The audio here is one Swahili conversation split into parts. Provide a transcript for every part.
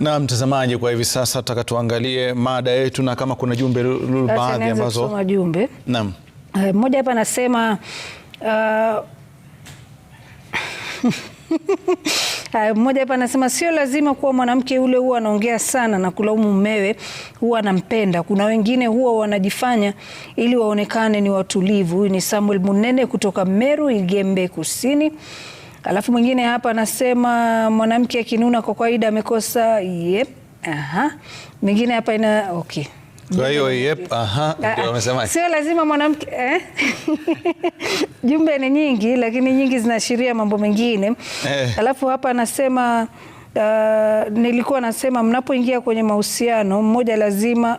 Na mtazamaji, kwa hivi sasa tutaka tuangalie mada yetu, na kama kuna jumbe lulu baadhi ambazo jumbe. Naam. Eh, mmoja hapa anasema uh... Mmoja hapa anasema sio lazima kuwa mwanamke ule huwa anaongea sana na kulaumu mmewe huwa anampenda. Kuna wengine huwa wanajifanya ili waonekane ni watulivu. Huyu ni Samuel Munene kutoka Meru Igembe Kusini. Alafu mwingine hapa anasema mwanamke akinuna kwa kawaida amekosa yep. Aha. Mwingine hapa ina okay. Kwa hiyo yep, aha, ndio amesema. Sio lazima mwanamke eh? Jumbe ni nyingi lakini nyingi zinaashiria mambo mengine eh. Alafu hapa anasema uh, nilikuwa nasema mnapoingia kwenye mahusiano mmoja lazima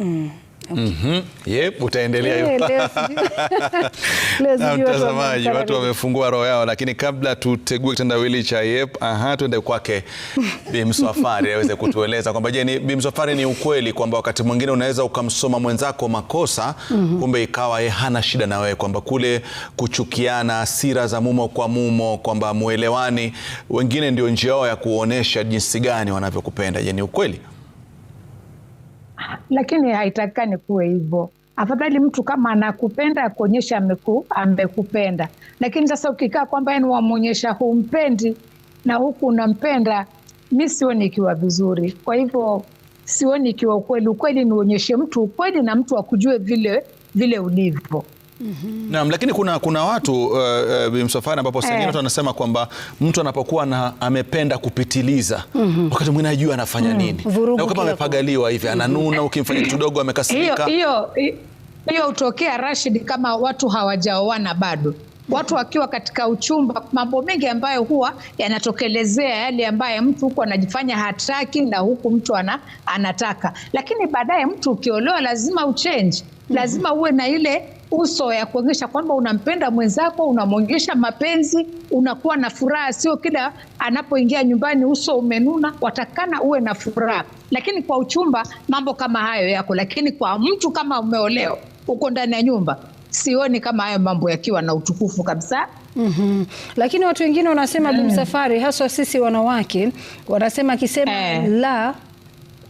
mm. Okay. Mm-hmm. utaendelea Mtazamaji, watu wamefungua roho yao, lakini kabla tutegue kitendawili cha yep, aha, tuende kwake Bi aweze kutueleza kwamba je, ni Bi ni ukweli kwamba wakati mwingine unaweza ukamsoma mwenzako makosa mm -hmm. kumbe ikawa ye hana shida na wewe, kwamba kule kuchukiana, hasira za mumo kwa mumo, kwamba muelewani, wengine ndio njia yao ya kuonesha jinsi gani wanavyokupenda. Je, ni ukweli? lakini haitakikani kuwe hivyo. Afadhali mtu kama anakupenda akuonyesha ameku, amekupenda. Lakini sasa ukikaa kwamba ni yaani wamwonyesha humpendi na huku unampenda, mi sioni ikiwa vizuri. Kwa hivyo sioni ikiwa ukweli. Ukweli niuonyeshe mtu ukweli na mtu akujue vile vile ulivyo. Mm -hmm. Naam, lakini kuna, kuna watu uh, uh, ambapo sengine eh. watu wanasema kwamba mtu anapokuwa na amependa kupitiliza mm -hmm. wakati mwingine hajui anafanya mm -hmm. nini Vurugu na kama amepagaliwa hivi ananuna, ukimfanya kitu dogo amekasirika. Hiyo hiyo hutokea Rashid, kama watu hawajaoana bado watu wakiwa katika uchumba, mambo mengi ambayo huwa yanatokelezea yale ambayo mtu huku anajifanya hataki na huku mtu ana, anataka, lakini baadaye mtu ukiolewa lazima uchenji, mm-hmm. lazima uwe na ile uso ya kuonyesha kwamba unampenda mwenzako, unamwonyesha mapenzi, unakuwa na furaha. Sio kila anapoingia nyumbani uso umenuna, watakana uwe na furaha. Lakini kwa uchumba mambo kama hayo yako, lakini kwa mtu kama umeoleo uko ndani ya nyumba, sioni kama hayo mambo yakiwa na utukufu kabisa. Mm -hmm. Lakini watu wengine wanasema mm. Msafari, haswa sisi wanawake wanasema akisema eh, la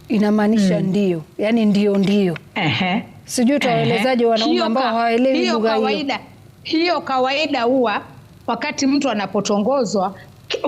inamaanisha mm. ndio, yani ndio ndio. Ehe. Sijui utawaelezaje wanaume ambao hawaelewi lugha hiyo. Hiyo kawaida huwa wakati mtu anapotongozwa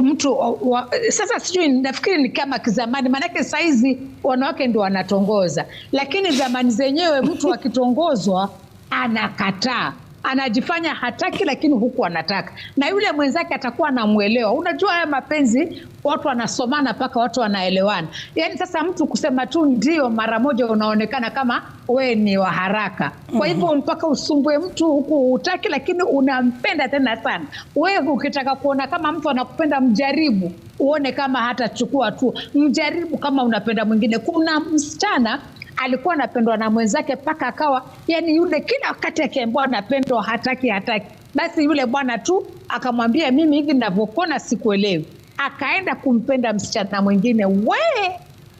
mtu wa, sasa sijui nafikiri ni kama kizamani, maanake saizi wanawake ndio wanatongoza, lakini zamani zenyewe mtu akitongozwa anakataa anajifanya hataki, lakini huku anataka, na yule mwenzake atakuwa anamwelewa. Unajua haya mapenzi watu wanasomana mpaka watu wanaelewana. Yani sasa mtu kusema tu ndio mara moja, unaonekana kama we ni wa haraka. Kwa hivyo mhm. mpaka usumbue mtu huku utaki, lakini unampenda tena sana. Wewe ukitaka kuona kama mtu anakupenda, mjaribu uone kama hatachukua tu, mjaribu kama unapenda mwingine. Kuna msichana alikuwa anapendwa na mwenzake mpaka akawa, yani yule kila wakati akiambiwa anapendwa hataki hataki, basi yule bwana tu akamwambia mimi hivi navyokona sikuelewi, akaenda kumpenda msichana mwingine. We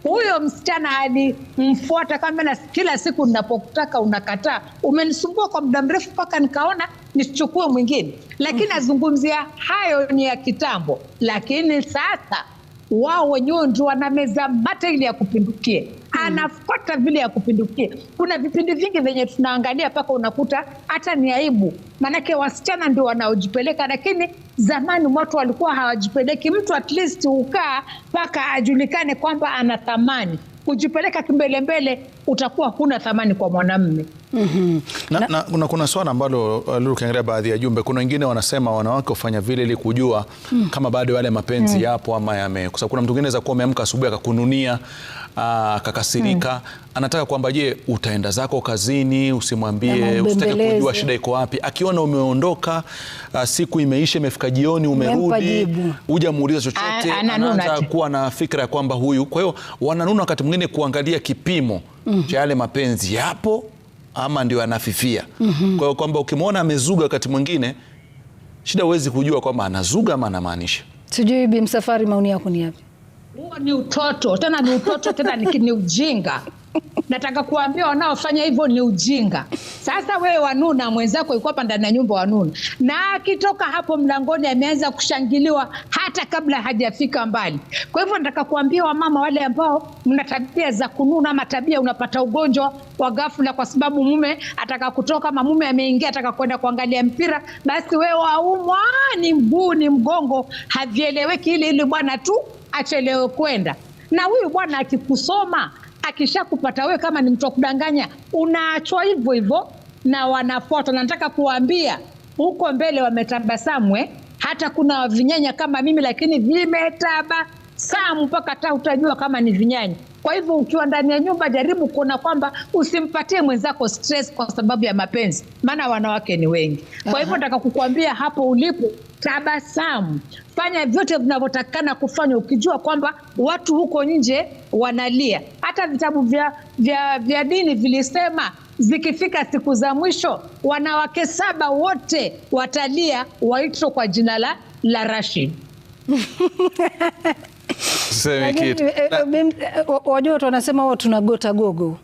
huyo msichana alimfuata kama kila siku nnapotaka unakataa, umenisumbua kwa muda mrefu mpaka nikaona nichukue mwingine. Lakini mhm. azungumzia hayo ni ya kitambo, lakini sasa wao wenyewe ndio wanameza mate ile ya kupindukie hmm. Anafuata vile ya kupindukia Kuna vipindi vingi vyenye tunaangalia mpaka unakuta hata ni aibu, maanake wasichana ndio wanaojipeleka, lakini zamani watu walikuwa hawajipeleki. Mtu at least hukaa mpaka ajulikane kwamba ana thamani. Kujipeleka kimbelembele, utakuwa huna thamani kwa mwanamme mm -hmm. na, na, na, kuna swala ambalo uh, ukiangalia baadhi ya jumbe, kuna wengine wanasema wanawake hufanya vile ili kujua mm. -hmm. kama bado yale mapenzi mm. -hmm. yapo ama yame, kwa sababu kuna mtu mwingine anaweza kuwa ameamka asubuhi akakununia uh, akakasirika mm. -hmm. anataka kwamba je, utaenda zako kazini, usimwambie, usitake kujua shida iko wapi. Akiona umeondoka, uh, siku imeisha, imefika jioni, umerudi, hujamuuliza chochote, anaanza kuwa na fikra ya kwamba huyu. Kwa hiyo wananuna wakati mwingine kuangalia kipimo mm -hmm. cha yale mapenzi yapo ama ndio anafifia. mm -hmm. Kwa hiyo kwamba ukimwona amezuga wakati mwingine shida, huwezi kujua kwamba anazuga ama anamaanisha. Sijui Bi Msafwari, maoni yako ni yapi? Huo ni utoto tena, ni utoto tena ni, ni ujinga nataka kuambia wanaofanya hivyo ni ujinga. Sasa wewe wanuna mwenzako yuko hapa ndani ya nyumba wanuna, na akitoka hapo mlangoni ameanza kushangiliwa hata kabla hajafika mbali. Kwa hivyo nataka kuambia wamama wale ambao mna tabia za kununa ama tabia, unapata ugonjwa wa ghafla kwa sababu mume ataka kutoka ama mume ameingia ataka kwenda kuangalia mpira, basi wewe waumwa ni mguu ni mgongo, havieleweki, ili ili bwana tu achelewe kwenda na huyu bwana akikusoma akishakupata wewe, kama ni mtu wa kudanganya, unaachwa hivyo hivyo na wanafuata. Nataka kuwaambia huko mbele wametabasamu eh? hata kuna vinyanya kama mimi, lakini vimetabasamu mpaka hata utajua kama ni vinyanya. Kwa hivyo ukiwa ndani ya nyumba, jaribu kuona kwamba usimpatie mwenzako stress kwa sababu ya mapenzi, maana wanawake ni wengi. Kwa hivyo nataka kukuambia hapo ulipo, tabasamu, fanya vyote vinavyotakikana kufanya ukijua kwamba watu huko nje wanalia hata vitabu vya, vya, vya dini vilisema zikifika siku za mwisho wanawake saba wote watalia waitwa kwa jina la la Rashid. Eh, eh, eh, watu wanasema huwa tunagota gogo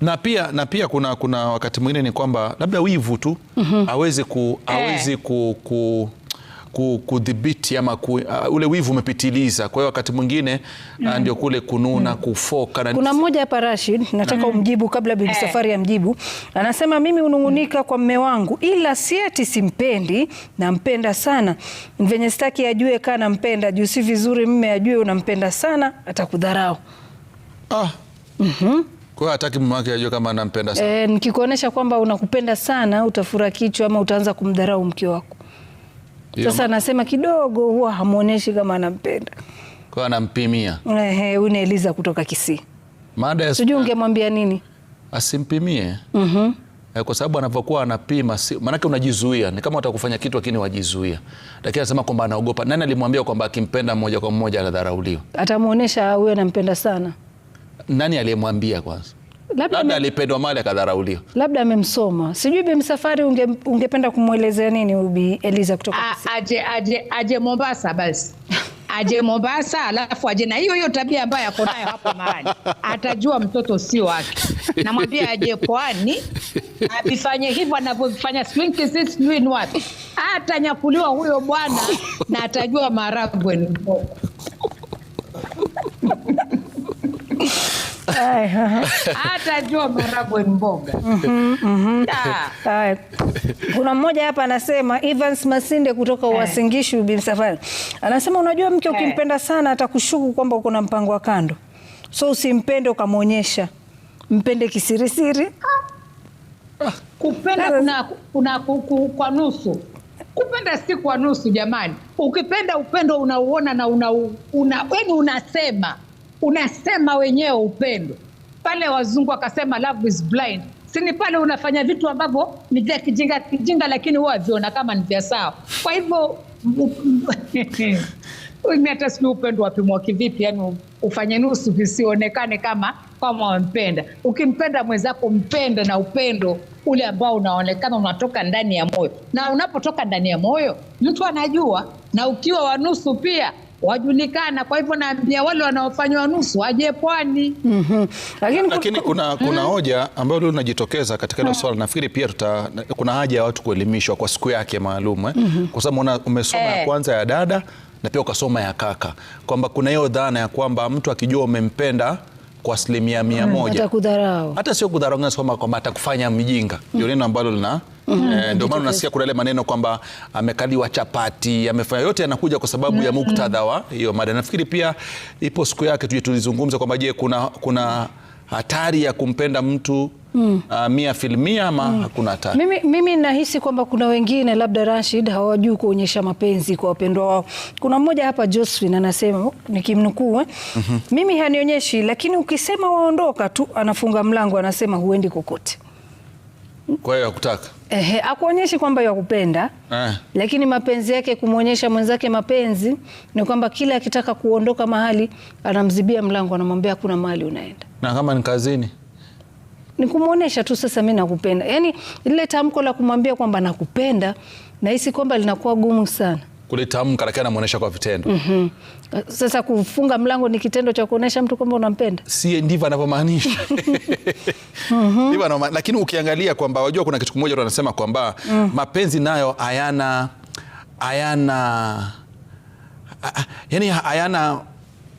na pia na pia kuna, kuna wakati mwingine ni kwamba labda wivu tu mhm. awezi ku, eh. ku, ku kudhibiti ama ku, uh, ule wivu umepitiliza. Kwa hiyo wakati mwingine uh, mm. uh, ndio kule kununa mm. kufoka na kuna mmoja hapa Rashid, nataka mm. umjibu kabla bibi eh. Safari ya mjibu Anasema mimi hunung'unika mm. kwa mme wangu, ila si ati simpendi, nampenda sana. Venye sitaki ajue kana nampenda juu, si vizuri mme ajue unampenda sana, atakudharau. ah. mm -hmm. Kwa hiyo hataki mume wake ajue kama anampenda sana. Eh, nikikuonesha kwamba unakupenda sana utafura kichwa ama utaanza kumdharau mke wako. Sasa anasema kidogo huwa hamwonyeshi kama anampenda, kwa anampimia. Ehe, huyu ni Eliza kutoka Kisii. Mada ya sijui ungemwambia nini? Asimpimie. Mhm. Mm kwa sababu anavyokuwa anapima si, maanake unajizuia, ni kama utakufanya kitu lakini wajizuia. Lakini anasema kwamba anaogopa. Nani alimwambia kwamba akimpenda moja kwa moja atadharauliwa? Atamuonesha huyo anampenda sana. Nani aliyemwambia kwanza? labda, labda alipendwa mali akadharauliwa, labda amemsoma sijui. Bi Msafwari, unge, ungependa kumwelezea nini Bi Eliza kutoka aje, aje, aje Mombasa basi aje Mombasa alafu aje na hiyo hiyo tabia ambayo ako nayo hapo mahali, atajua mtoto si wake. Namwambia aje pwani avifanye hivyo anavyovifanya swinkisi sijui ni wapi, atanyakuliwa huyo bwana na atajua maragwe ni hata uh-huh. jua maragwe mboga. Mm-hmm, mm-hmm. Kuna mmoja hapa anasema Evans Masinde kutoka eh. Uwasingishu bin Safari anasema, unajua mke ukimpenda eh. sana atakushuku kwamba uko na mpango wa kando, so usimpende ukamwonyesha, mpende kisirisiri. Ah, kupenda kuna, kuna, kwa nusu kupenda si kwa nusu jamani. Ukipenda upendo unauona na una, una, una, unasema unasema wenyewe upendo. Pale wazungu wakasema love is blind, sini pale unafanya vitu ambavyo ni vya kijinga kijinga, lakini huwa viona kama ni vya sawa. Kwa hivyo hata sijui upendo wapimwa kivipi? Yani ufanye nusu visionekane kama kama wampenda. Ukimpenda mwenzako, mpende na upendo ule ambao unaonekana unatoka ndani ya moyo, na unapotoka ndani ya moyo mtu anajua, na ukiwa wanusu pia wajulikana. Kwa hivyo naambia wale wanaofanywa nusu waje pwani. mm -hmm. Lakini, lakini kuna, kuna mm -hmm. hoja ambayo leo linajitokeza katika hilo hmm. swala, nafikiri pia tuta, kuna haja ya watu kuelimishwa kwa siku yake maalum eh? mm -hmm. kwa sababu umesoma eh. ya kwanza ya dada na pia ukasoma ya kaka, kwamba kuna hiyo dhana ya kwamba mtu akijua umempenda kwa asilimia mia mm, moja atakudharau, hata sio kudharau, kwamba atakufanya mjinga. Ndio neno ambalo lina mm-hmm. eh, ndio maana unasikia kuna ile maneno kwamba amekaliwa chapati, amefanya yote, yanakuja kwa sababu ya mm-hmm. muktadha wa hiyo mada. Nafikiri pia ipo siku yake tuje tulizungumza kwamba je, kuna kuna hatari ya kumpenda mtu mm. uh, mia filmia ama mm. hakuna hatari? Mimi, mimi nahisi kwamba kuna wengine labda Rashid hawajui kuonyesha mapenzi kwa wapendwa wao. Kuna mmoja hapa Josephine anasema nikimnukuu eh? mm -hmm. Mimi hanionyeshi lakini ukisema waondoka tu anafunga mlango anasema huendi kokote. Kwa hiyo hakutaka ehe, akuonyeshi kwamba yakupenda eh. Lakini mapenzi yake kumwonyesha mwenzake mapenzi ni kwamba kila akitaka kuondoka mahali anamzibia mlango, anamwambia hakuna mahali unaenda, na kama ni kazini ni kumwonyesha tu sasa, mi nakupenda. Yani lile tamko la kumwambia kwamba nakupenda, nahisi kwamba linakuwa gumu sana kulitamka, lakini anamwonyesha kwa vitendo. mm -hmm. Sasa kufunga mlango ni kitendo cha kuonyesha mtu kwamba unampenda, si ndivyo anavyomaanisha? mm -hmm. Lakini ukiangalia kwamba wajua, kuna kitu kimoja anasema kwamba mm. mapenzi nayo hayana hayana yani hayana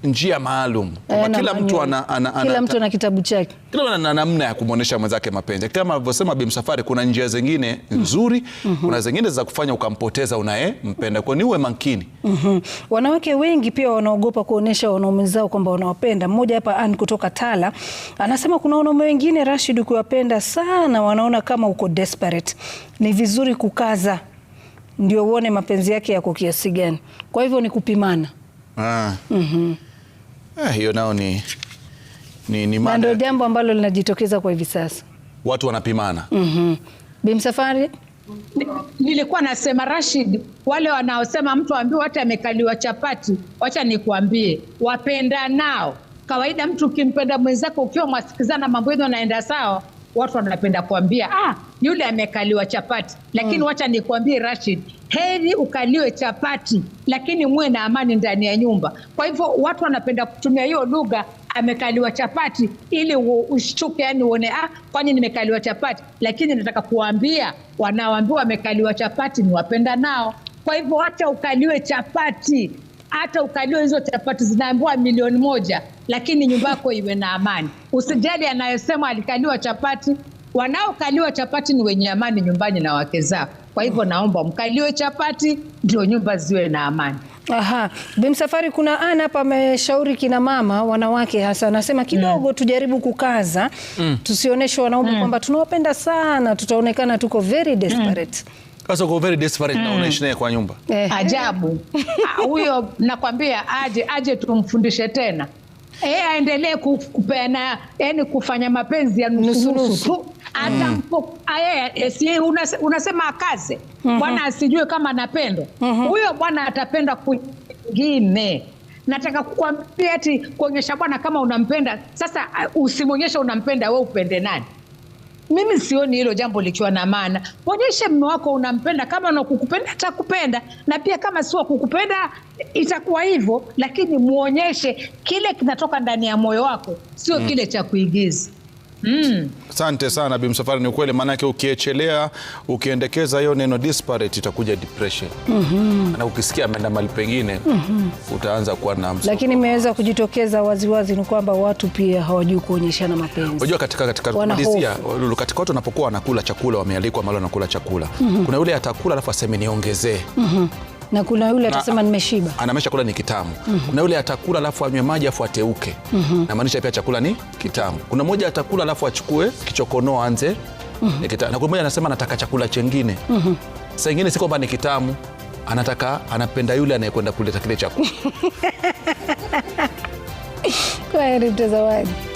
njia maalum eh, kwamba kila mtu ana, ana, ana, kila mtu ana kitabu chake, kila mtu ana namna ya kumwonyesha mwenzake mapenzi. Kama alivyosema Bi Msafwari, kuna njia zingine nzuri mm -hmm. kuna zingine za kufanya ukampoteza unayempenda, kwa ni uwe makini mm -hmm. Wanawake wengi pia wanaogopa kuonyesha wanaume zao kwamba wanawapenda. Mmoja hapa an kutoka Tala anasema kuna wanaume wengine Rashid, ukiwapenda sana wanaona kama uko desperate. Ni vizuri kukaza ndio uone mapenzi yake yako kiasi gani. Kwa hivyo ni kupimana ah. mm -hmm eh, hiyo nao ni, ni, ni mada. Ndio jambo ambalo linajitokeza kwa hivi sasa, watu wanapimana. mm -hmm. Bimsafari nilikuwa nasema Rashid, wale wanaosema mtu aambiwa hata amekaliwa chapati, wacha nikuambie, wapenda nao kawaida. Mtu ukimpenda mwenzako, ukiwa mwasikizana, mambo yenu anaenda sawa watu wanapenda kuambia ah, yule amekaliwa chapati, lakini mm. wacha nikuambie Rashid, heri ukaliwe chapati lakini muwe na amani ndani ya nyumba. Kwa hivyo watu wanapenda kutumia hiyo lugha amekaliwa chapati ili ushtuke, yani uone ah, kwani nimekaliwa chapati. Lakini nataka kuwambia wanaoambiwa wamekaliwa chapati ni wapenda nao. Kwa hivyo wacha ukaliwe chapati, hata ukadio hizo chapati zinaambiwa milioni moja, lakini nyumba yako iwe na amani. Usijali anayosema alikaliwa chapati. Wanaokaliwa chapati ni wenye amani nyumbani na wake zao. Kwa hivyo naomba mkaliwe chapati ndio nyumba ziwe na amani. Aha, Bimsafari, kuna ana hapa ameshauri kina mama wanawake hasa, anasema kidogo mm. tujaribu kukaza mm. tusioneshe wanaume mm. kwamba tunawapenda sana, tutaonekana tuko very mm. desperate mm. Sasa uko very desperate na mm. unaishi naye kwa nyumba. Eh. Ajabu ah, huyo, nakwambia aje aje, tumfundishe tena e, aendelee kupeana, yani kufanya mapenzi ya nusu nusu tu mm. ah, eh, unasema akaze mm-hmm. bwana, asijue kama anapendwa mm-hmm. huyo bwana, atapenda kwingine. Nataka kukwambia ti kuonyesha bwana kama unampenda sasa, ah, usimwonyesha unampenda, we upende nani? Mimi sioni hilo jambo likiwa na maana. Mwonyeshe mme wako unampenda, kama nakukupenda atakupenda, na pia kama sio kukupenda itakuwa hivyo, lakini mwonyeshe kile kinatoka ndani ya moyo wako, sio mm. kile cha kuigiza. Hmm. Asante mm. sana Bi Msafwari, ni ukweli, maanake ukiechelea ukiendekeza hiyo neno disparate itakuja depression mm -hmm. na ukisikia ameenda mali pengine mm -hmm. utaanza kuwa na msafari. Lakini imeweza kujitokeza waziwazi ni kwamba watu pia hawajui kuonyeshana mapenzi. Unajua katika katika kumalizia katika watu wanapokuwa wanakula chakula wamealikwa mali wanakula chakula mm -hmm. kuna yule atakula alafu aseme niongezee mm -hmm na kuna yule atasema nimeshiba, anamesha kula ni kitamu mm -hmm. Kuna yule atakula alafu anywe maji afu ateuke mm -hmm. Namaanisha pia chakula ni kitamu. Kuna mmoja atakula alafu achukue kichokonoa anze mm -hmm. Kitamu. na kuna mmoja anasema anataka chakula chengine mm -hmm. Saa ingine si kwamba ni kitamu, anataka anapenda yule anayekwenda kuleta kile chakula. Kwaheri mtazamaji.